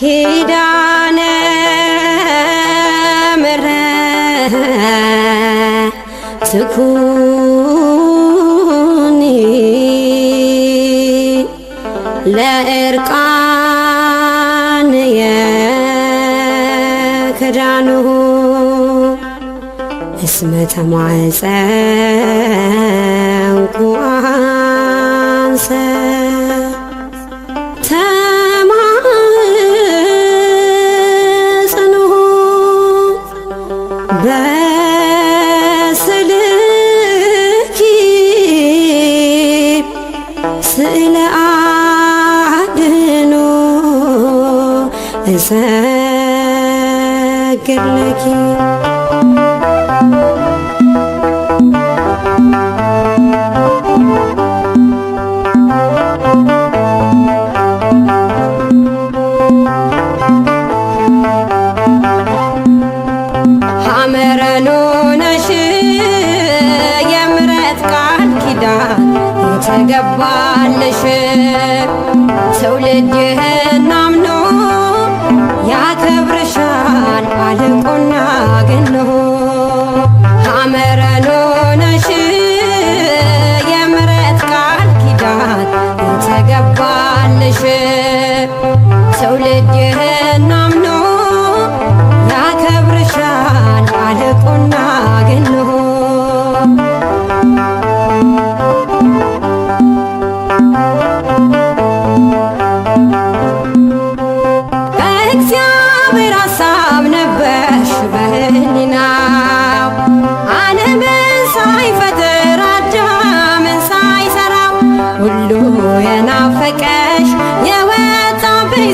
ኪዳነ ምሕረት ትኩኒ ለእርቃንየ ክዳንሁ እስመ ተማጸንኩ አንሰ አመሰግን ለኪ እግዚአብሔር ሐሳብ ነበርሽ በህሊናው ዓለምን ሳይፈጥር አዳምን ሳይሰራ ሁሉ የናፈቀሽ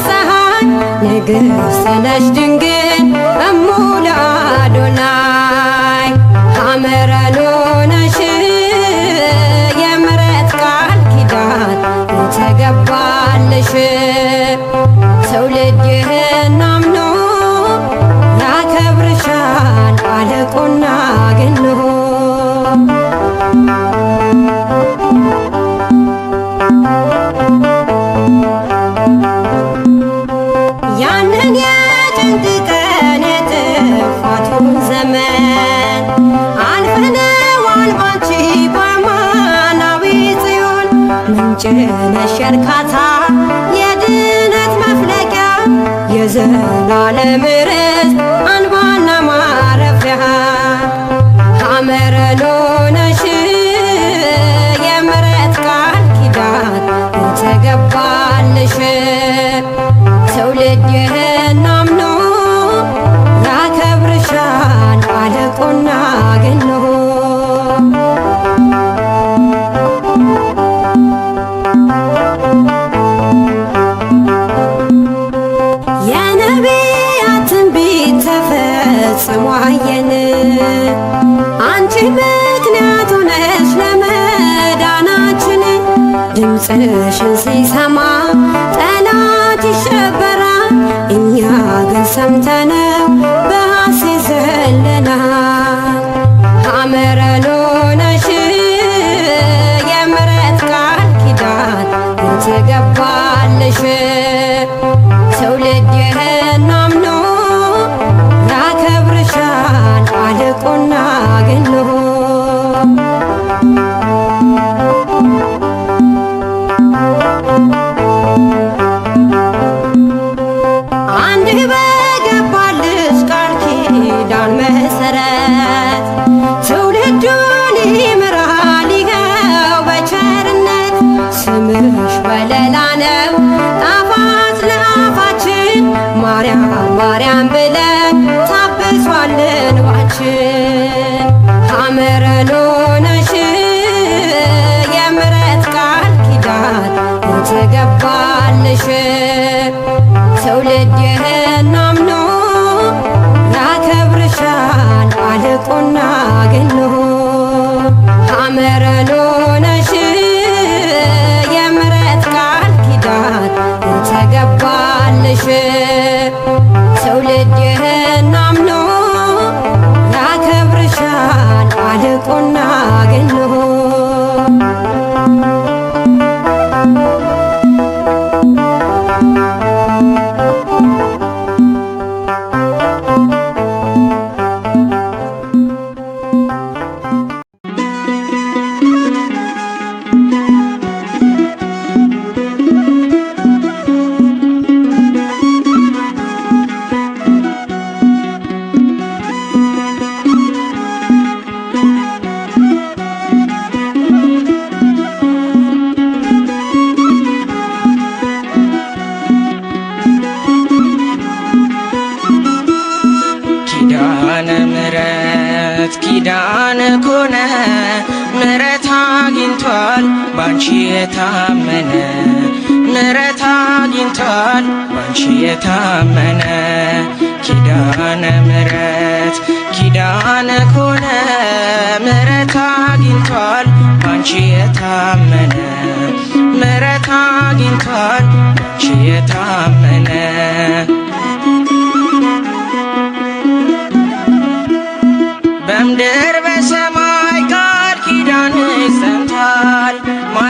ፀሐይ ንግሥት ነሽ ድንግል አንችነሽ እርካታ የድነት መፍለቂያ የዘላለም ርስት ድምፅሽን ሲሰማ ጠላት ይሸበራል። እኛ ግን ሰምተነው ትገባልሽ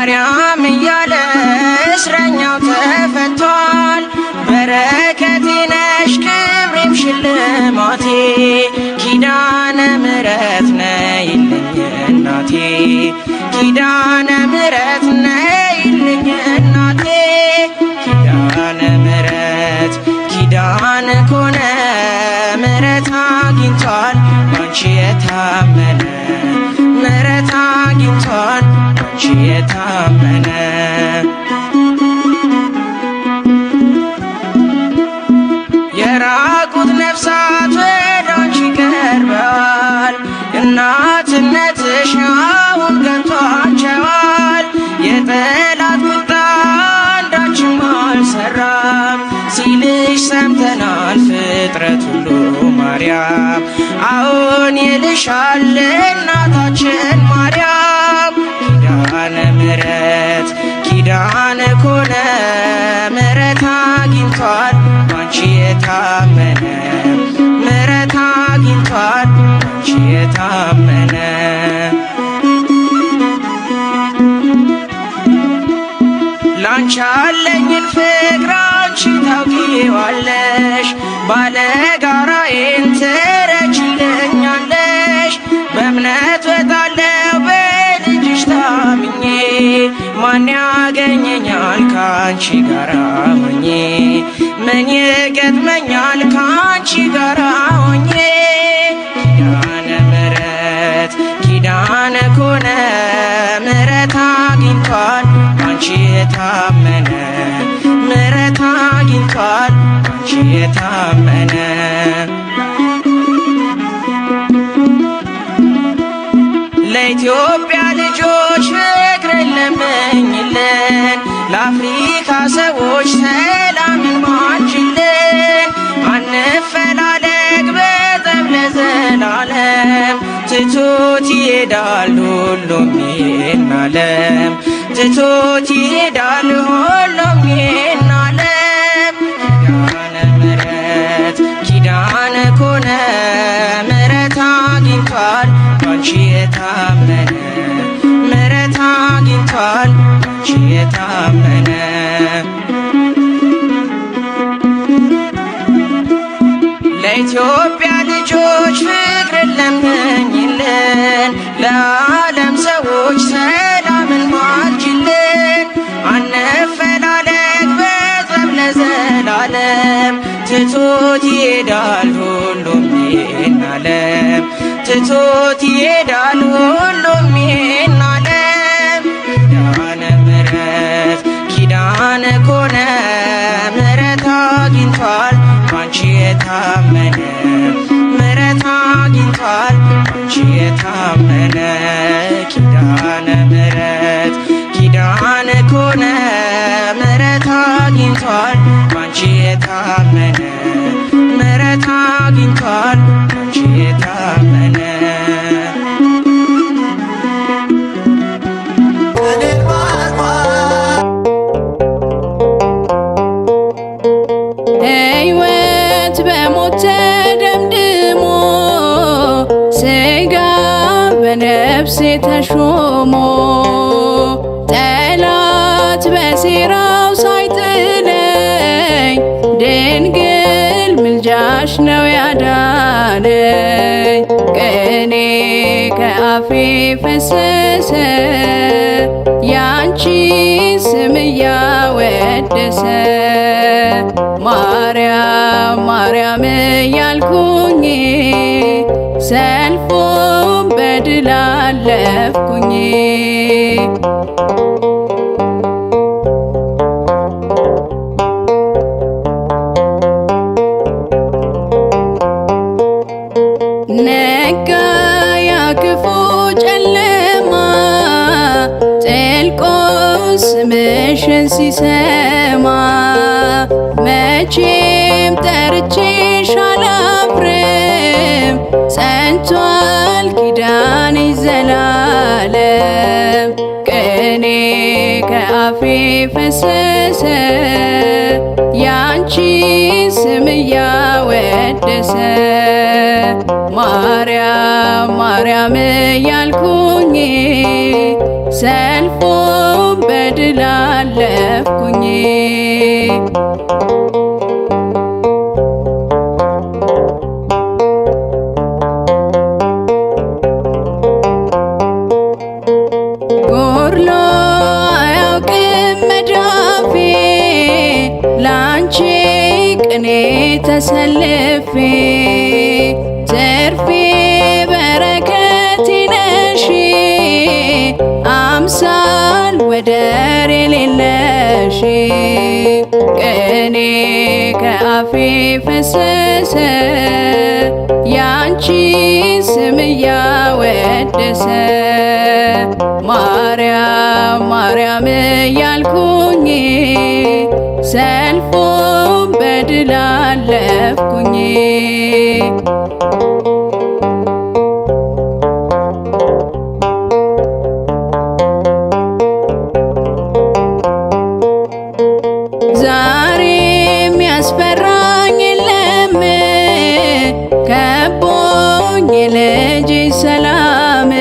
ಮಾರ್ಯಾ ባንቺ የታመነ የራቁት ነፍሳት ወደ አንቺ ይቀርባል። እናትነትሽ አሁን ገብቷቸዋል። የጠላት ቁጣ አንዳችም አልሰራም ሲልሽ ሰምተናል ፍጥረት ሁሉ ማርያም አዎን ይልሻል እናታችን የታመነ ምሕረት አግኝቷል አንቺ የታመነ ላንቺ ያለኝን ፍቅር አንቺ ታውቂዋለሽ ባለጋራዬን ትረጂልኛለሽ በእምነት ወጣለው በልጅሽ ታምኜ ማን ያገኘኛል ከአንቺ ጋራ አምኜ ምን ይገጥመኛል ካንቺ ጋራ ሆኜ ኪዳነ ምሕረት ኪዳነ ኮነ ምሕረት አግኝቷል አንቺ የታመነ ምሕረት አግኝቷል አንቺ የታመነ ለኢትዮጵያ ልጆች ፍቅርን ለምኝልን ለአፍሪ ይሄዳል ሁሉም ይሄን ዓለም ትቶት ይሄዳል ሁሉም ይሄን ዓለም ኪዳነ ምሕረት ኪዳነ ኮነ ምሕረት አግኝቷል ባንቺ የታመነ ምሕረት አግኝቷል ባንቺ የታመነ ለኢትዮጵያ ልጆች Yeah. ከአፌ ፈሰሰ ያንቺን ስም እያወደሰ ማርያም ማርያም እያልኩኝ ሰልፎም በድል አለፍኩኝ። ነጋ ክፉ ጨለማ ጥልቆ ስምሽን ሲሰማ መቼም ጠርቼሽ አላፍርም ጸንቷል ኪዳንሽ ዘላለም እኔ ከአፌ ፈሰሰ ያንቺ ስም እያወደሰ ማርያም ማርያም እያልኩኝ ሰልፎ በድል አለፍኩኝ። በጎኔ ተሰልፌ ዘርፌ በረከቴ ነሽ አምሳል ወደር የሌለሽ ቅኔ ከአፌ ፈሰሰ ያንቺ ስም እያወደሰ ማርያም ማርያም እያልኩኝ ሰልፎ በድል አለፍኩኝ። ዛሬ የሚያስፈራኝ የለም ከቦኝ ልጅ ሰላም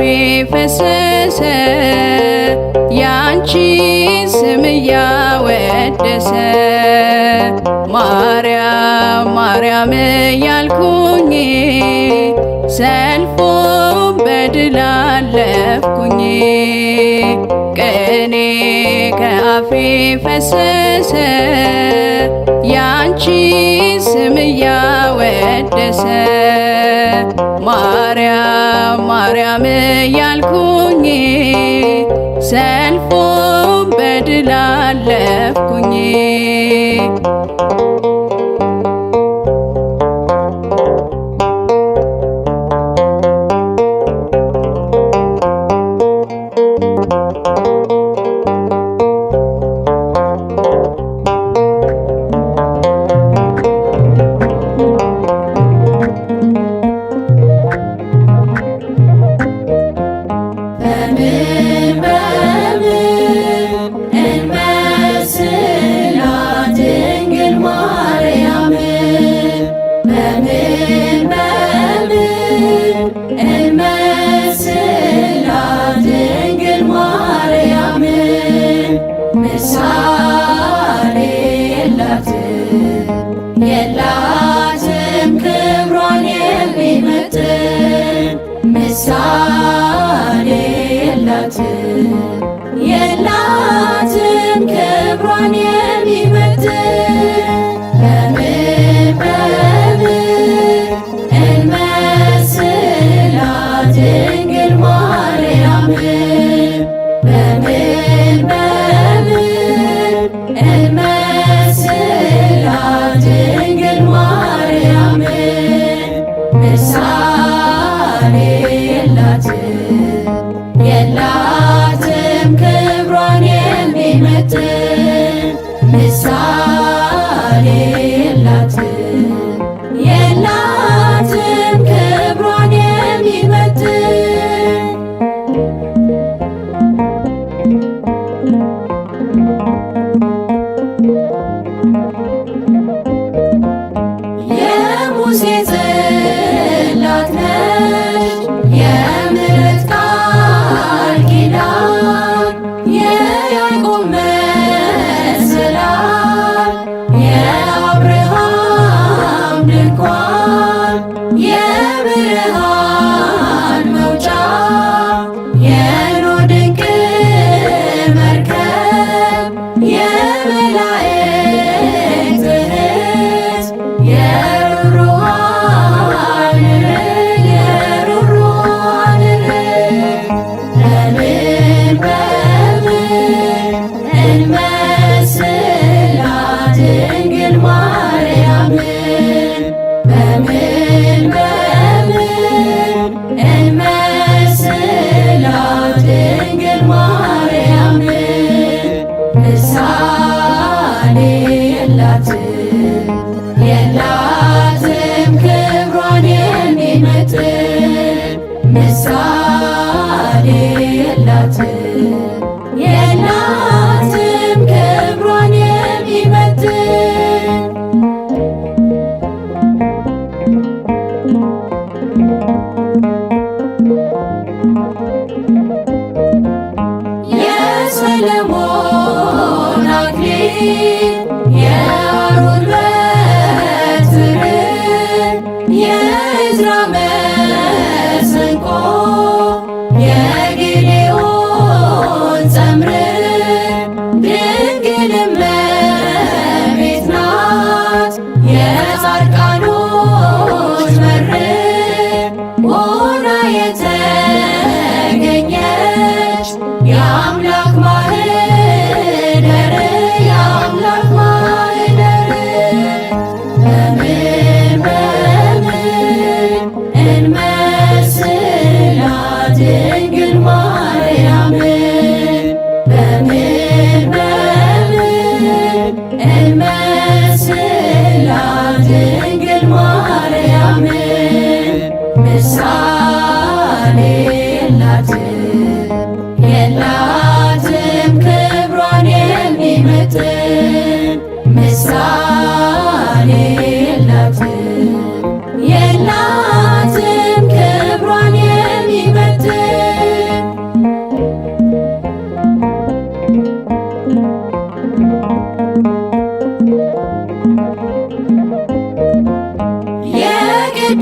ከልቤ ፈሰሰ ያንቺ ስም እያወደሰ ማርያም ማርያም እያልኩኝ ሰልፎ በድል አለፍኩኝ ቅኔ ከአፌ ፈሰሰ ያንቺ ስም እያወደሰ ማርያም ማርያም እያልኩኝ ሰልፎን በድል አለፍኩኝ። እናት የእናትን ክብሯን የሚመጥን nad nami.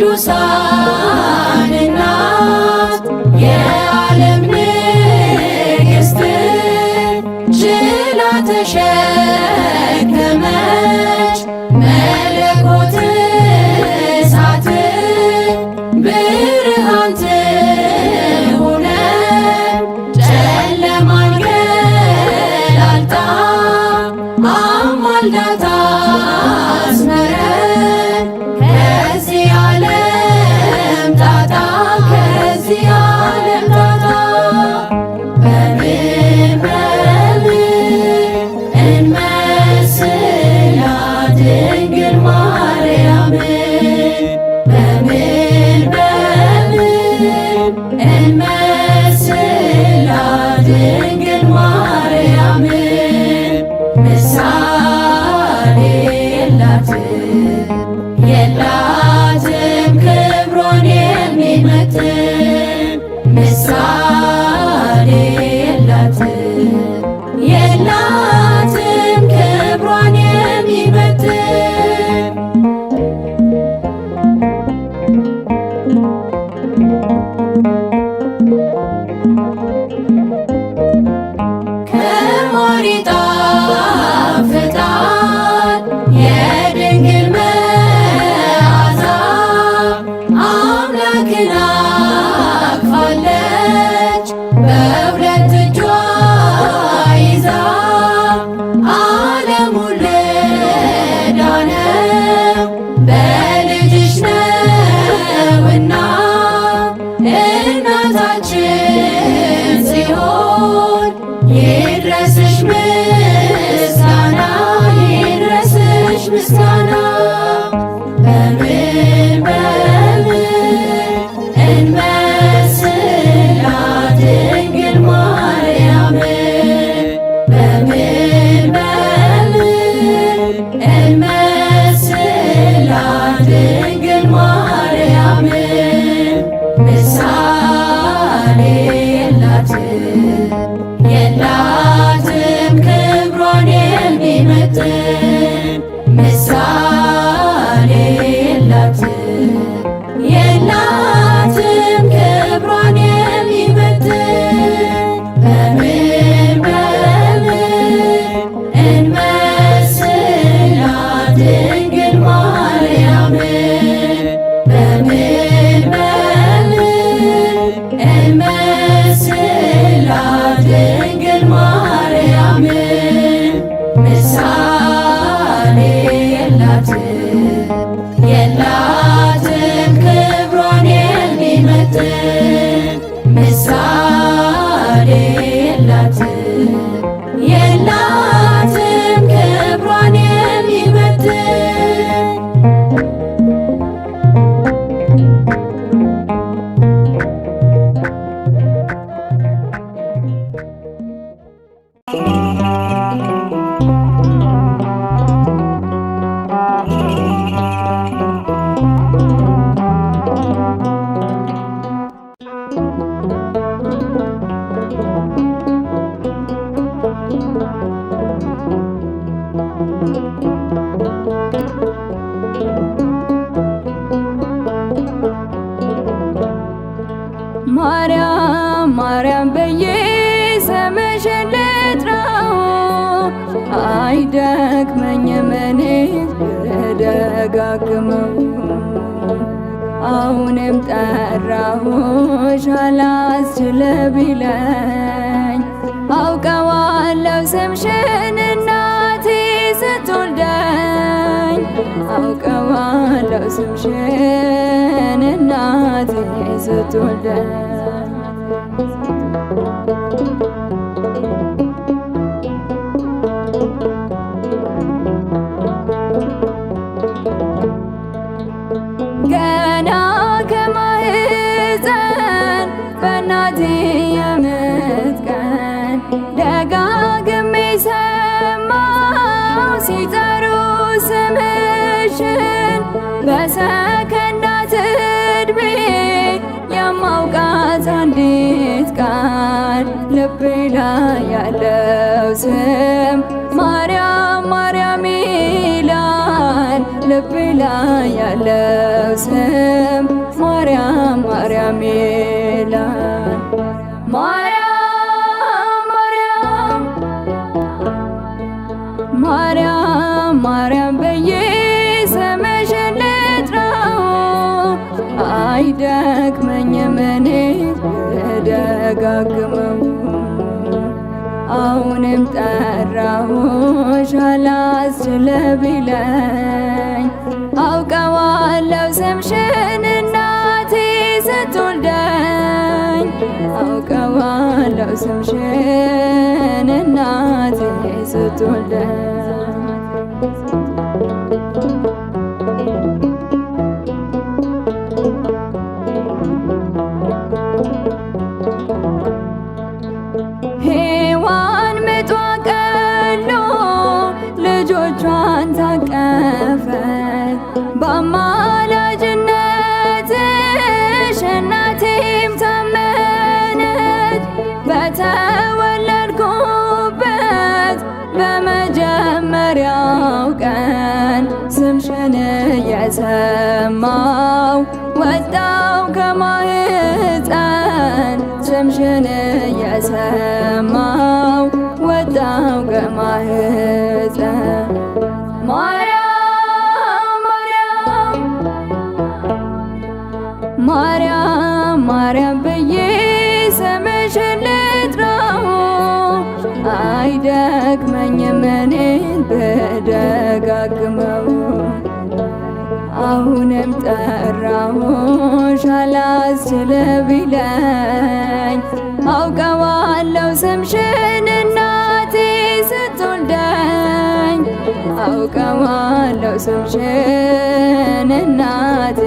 ቅዱሳን ስትወልደን ቃል ልቤ ላይ ያለው ስም ማርያም ማርያም ይላል። ልቤ ላይ ያለው ስም ማርያም ማርያም ይላል። ማርያም ማርያም ማርያም ስምሽን ልጥራው አይደክም ደጋግመው አሁንም ጠራሁሽ አላስችል ቢለኝ አውቀዋለሁ ስምሽን እናቴ ስትወልደኝ አውቀዋለሁ ስምሽን እናቴ ስትወልደኝ ማህፀን ማርያም ማርያም ብዬ ስምሽን ልጥራው አይደክመኝም እኔን ብደጋግመው አሁንም ጠራሁሽ አላስችል ቢለን አውቀዋለሁ ስምሽን እናቴ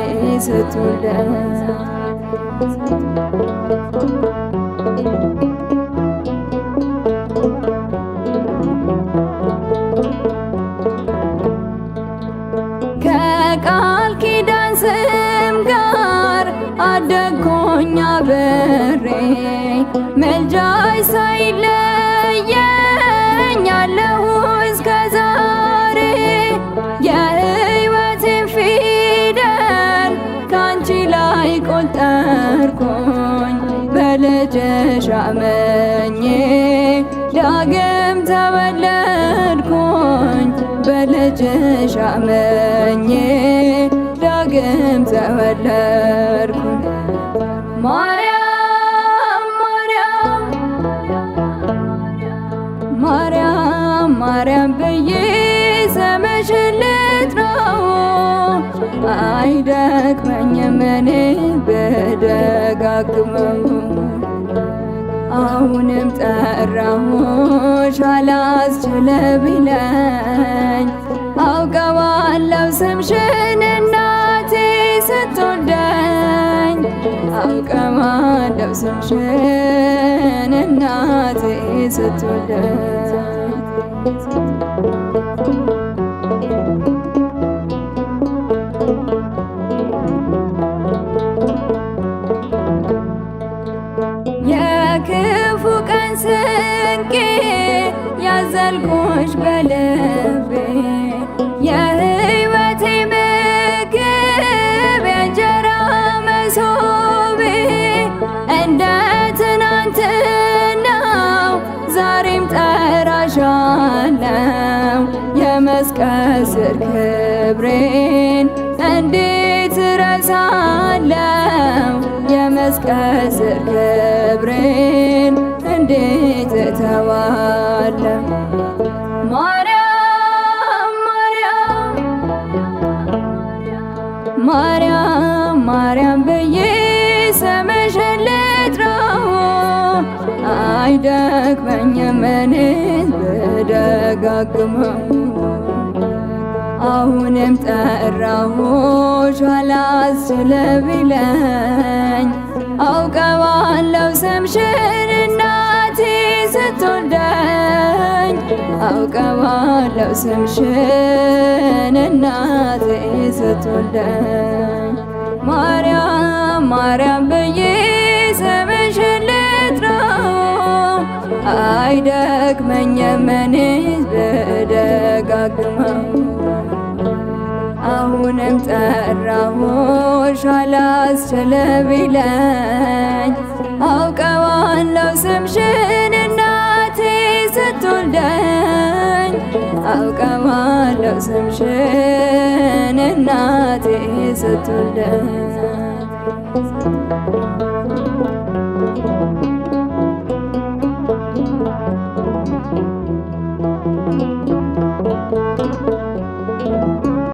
ስትወልደኝ ከቃል ኪዳን ስም ጋር አደግኩኝ በሬ ምልጃሽ ሳይለየኝ አለሁ ልጅሽ አመኜ ዳግም ተወለድኩኝ በልጅሽ አመኜ ዳግም ተወለድኩኝ ማርያም ማርያም ማርያም ማርያም ብዬ ስምሽልት ነው አይደክመኝም እኔ ብደጋግመው አሁንም ጠራሁሽ አላስችል ቢለኝ አውቀዋለው ስምሽን እናቴ ስትወደኝ አውቀዋለሁ ስምሽን እናቴ ስትወደኝ ክብሬን እንዴት ረሳለው የመስቀል ስር ክብሬን እንዴት እተዋለው ማርያም ማርያም ብዬ ስምሽን ልጥራው አይደክመኝም እኔ ብደጋግመው አሁንም ጠራሁሽ ኋላስችል ቢለኝ አውቀዋለሁ ስምሽን እናቴ ስትወልደኝ አውቀዋለሁ ስምሽን እናቴ ስትወልደኝ ማርያም ማርያም ብዬ ስምሽን ልጥራው አይደክመኝም እኔ ብደጋግመው አሁንም ጠራሁሽ ስምሽን እናቴ ስትወልደኝ አውቀዋለሁ ስምሽን እናቴ ስትወልደኝ